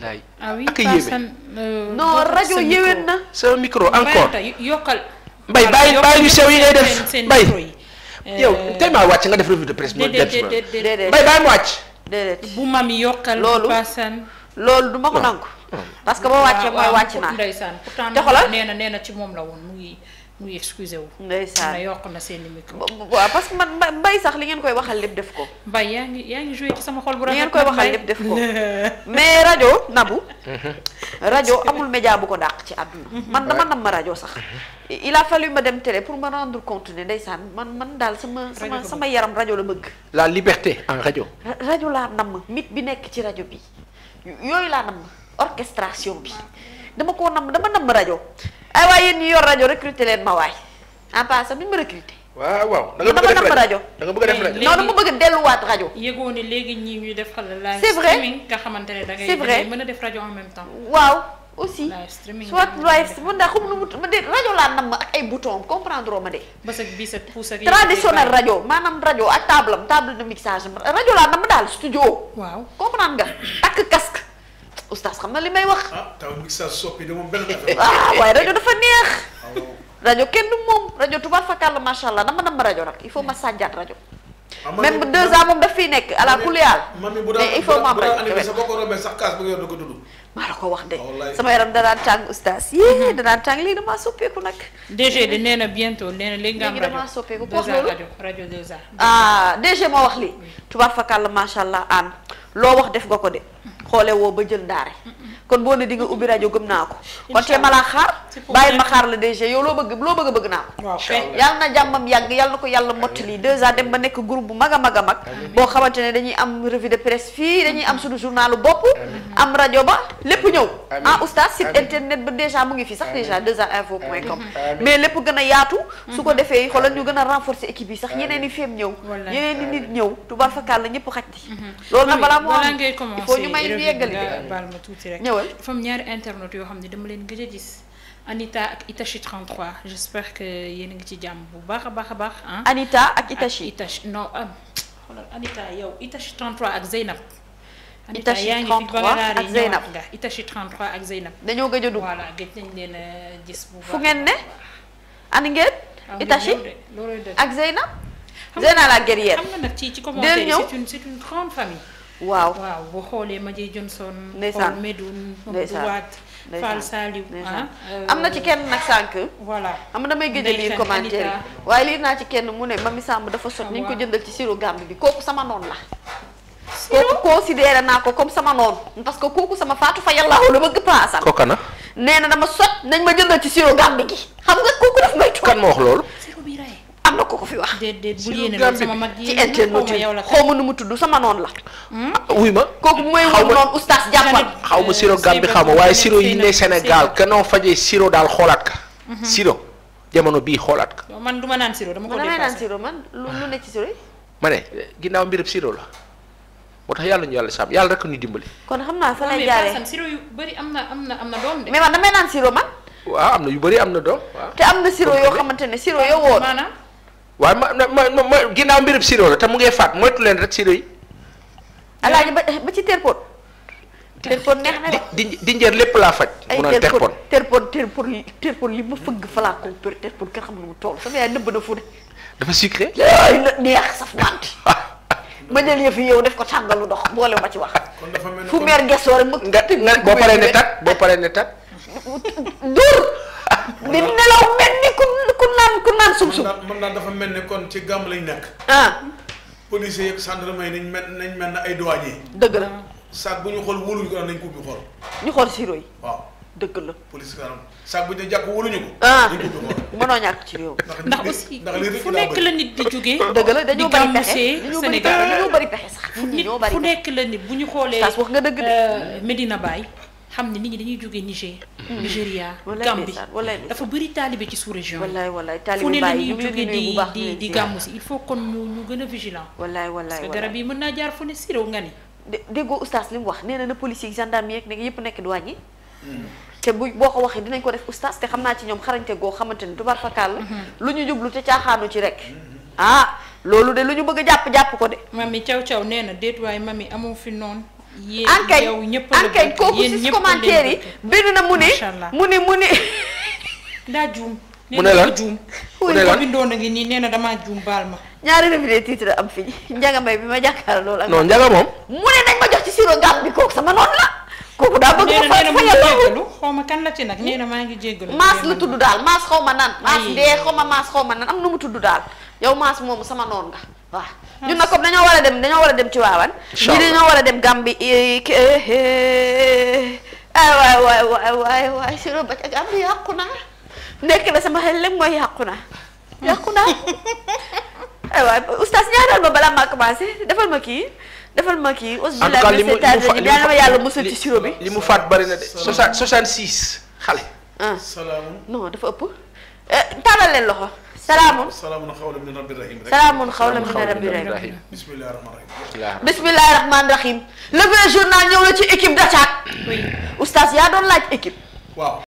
laay ah oui euh, non rajo yéwén na. sama micro encore yokkal. mbay bàyyi bàyyi yu sew yi ngay def mbay. Euh, yow tey maa wàcc nga def revue de presse. déedéet déedéet mbay bàyyi ma wàcc. déedéet bu mam yokkal. loolu loolu du ma ko nangu. parce que boo wàccee mooy wàcc naa. te xoolal nee na nee na ci moom la woon mu ngi. mu excusé wu. ndeysaan na yokk na seen i waaw parce que man mbay sax li ngeen koy waxal lépp def ko. mbay yaa sama xol bu rafet. li ngeen koy waxal lépp def ko mais rajo nabu. Mhm. rajo amul média bu ko dàq ci àdduna. Mhm. man dama nam ma rajo sax. Mhm. il a fallu ma dem télé pour ma rendre compte ne ndeysaan man man daal sama. sama sama yaram rajo la bëgg. la liberté en rajo. rajo laa nam mit bi nekk ci rajo bi yooyu laa nam orchestration bi dama koo nam dama nam rajo. ay eh, waay yéen ñi yor rajo recruter leen ma waay en passant duñ ma recruter. waaam waaw da nga bëgg a def rajo da nga a def rajo rajo yëgoo ni léegi ñii ñuy def xale live c'est vrai nga xamante ne da ngay mën a def rajo en même temps waaw aussi soit live mën daa xam nu mu ma de rajo laa nam ma ak ay bouton comprendre ma de traditionnel rajo maanaam rajo ak table am table de mixage rajo laa nam ma daal studio waaw comprendre nga takk kas oustaz xam na li may wax. ah taw mi sa soppi dama benn affaire. Ah, waaye rajo dafa neex. rajo kenn du moom rajo tubaab fakàll macha allah dama nam rajo nag ma sànjaat rajo. même bu deux ans moom daf fiy nekk ala kulli aal. mais il faut ma am rajo sa da ko dudd. maa la ko wax de sama yaram danaan tàng oustaz yee mhm. danaan tàng léegi damaa soppeeku nag. DG de nee na bientôt nee nga am soppeeku. ku loolu rajo rajo ah, wax lii. tubaab fakàll macha allah aan loo wax def nga ko de xoole woo ba jël daare kon boo ne di ubbi rajo gëm naa ko kon te ma laa xaar bàyyi ma xaar la DG yow loo bëgg loo bëgg naa a mag a mag boo a ah, infos point a yaatu su ko mhm. defee xoolal ñu gën a renforcer équipe yi sax yeneen i feem ñëw yeneen i nit ñëw tubaar fakkaal la ñëpp xaj di mhm. loolu nag balaa moo am il faut ñu may yeggali bi xool dafa am ñaari internautes yoo xam ne dama leen gëj a gis Anita ak Itachi 33 j'espère que yéen ngi ci jàmm bu baax a baax a baax ah. Anita ak Itachi Itachi non am xoolal Anita yow Itachi 33 ak Zeynab. Itachi 33 ak Zeynab Itachi 33 ak Zeynab. dañoo gëj a dugg voilà gëj nañ a gis. bu baax fu ngeen ne. ani ngeen. Itachi ak Zeynab. Zeynab la guerrière. xam nga nag ci ci waaw waaw boo xoolee Majey Johnson. ndeysaan Medoune ndeysaan Waat Fall Saliou ah, euh, am na ci kenn nag sànq. voilà am na damay gëj a lire commentaire yi waaye lire naa ci kenn mu ne ma mi Samb dafa sot ah, ni ñu ko jëndal ci siru Gàmbi bi kooku sama noonu la. kooku considéré naa ko comme sama noon parce que kooku sama faatu fa yàlla la a paasam. kooka na nee na dama sot nañ ma jëndal ci siru Gàmbi gi xam nga kooku daf may. kan ma wax loolu. am na ko ko fi wax. déedéet bu yéene loolu sama mag yi ci internet xaw ma nu mu tudd sama noonu la. Hmm? Ah, wuy ma kooku bu may woo noonu oustaz jàppal. xaw ma euh, siro Gambie xaw ma waaye siro yi ne Sénégal kanoo fajee siro daal xoolaat ka. Mhm. siro jamono bii xoolaat ka. man ma naan siro dama ko dépassé man naan siro man lu ne ci siro yi. ma ne ginnaaw mbirub siro la. moo tax yàlla ñu yàlla sàmm yàlla rek ñu dimbali. kon xam naa fa lay jaaree siro yu bëri am na am na am na doom de. mais man damay naan siro man. waaw am na yu bëri am na doom. te am na siro yoo xamante siro yoo woon. waaye ma ma ma ginnaaw mbirub sirop la te mu ngee faat moytu leen rek sirop yi. alaaji ba ba ci terpon. terpon neex na de. di di njër lépp laa faj. ay terpon terpon terpon terpon li ma fëgg fa laa ko per terpon kenn xam lu mu toll sama yaay nëbb na fu ne. dafa sucré. neex saf wante. ma jël yëf yi yow def ko tàngalu ndox boole ma ci wax. fu meer gëstoo rek mu. nga nga boo paree ne tat boo paree ne tat. dóor. di nelaw mel ni ku. naan ku naan suuf suuf. moom daal dafa mel ne kon ci gàmm lañ nekk. ah. policiers yeeg gendarmerie nañ mel nañ mel na ay douaniers. dëgg la. saag bu ñu xool wóoluñu ko nañ ko ubbi xool. ñu xool si yi. waaw dëgg la. police kanam saag bu ñu jàpp wóoluñu ko. dañ ah. ko mënoo ñàkk ci réew. ndax aussi fu nekk la nit di jógee. dëgg la dañoo bari pexe di gàmm see Sénégal bari pexe sax. nit fu nekk la nit bu ñu xoolee. wax nga dëgg de euh, Medina Baye xam ni nit ñi dañuy jógee Niger. Mm. Nigéria Gambie dafa bëri taalibe ci sous région. wallaay wallaay taalibe fu ne la ñuy jógee di di di gàmmu si il faut kon ñu ñu gën a vigilant. wallaay wallaay parce que garab yi mën naa jaar nga ni. déggoo li mu wax nee na na policier yi gendarmerie yeeg yëpp nekk douane mm. boo ko waxee dinañ ko def oustaz xam naa ci ñoom xarañte goo xamante ni tubaar fakkaal la. Mm-hmm. lu ñu jublu te caaxaanu ci rek. ah loolu de lu ñu bëgg jàpp jàpp ko de. mami caw caw nee na déet waaye mami amoo fi noonu ankay ankay kooku ci commentaire yi bind na mu ne mu ne mu ne daa juum mu ne la juum ko bindoon a ngi nii nee na damaa juum baal ma ñaari revue des titres am fi njaga mbay bi ma jàkkaar loolu ak non njaga moom mu ne nañ ma jox ci siro gam bi kooku sama noonu la kooku daa bëgg ma fa fayal xaw ma kan la ci nag nee na maa ngi jéggalu maas la tudd daal maas xaw ma nan maas dee xaw ma maas xaw ma nan am na mu tudd daal yow maas moomu sama noon nga waaw ñun nag comme dañoo war a dem dañoo war a dem ci waawan ñi dañoo war a dem Gambie eh, eh. ay ah, waay waay waay waay waay si roba ca Gambie yàqu naa nekk na sama xel lépp mooy yàqu naa yàqu naa ay eh, waay oustaz ñaanal ma balaa maa commencé defal ma kii defal ma kii ausbillah min seytaane yaa ma yàlla musal ci siro bi li mu faat bari na de soixante soixante six xale ah. non dafa ëpp tàllal leen loxo salaamun salaamun xawlan min rabbi rahim salaamun xawlan min rabbi rahim bismillahi rahmani rahim bismillahi rahmani rahim le journal ñëw la ci équipe d'attaque oui oustaz yaa doon laaj équipe waaw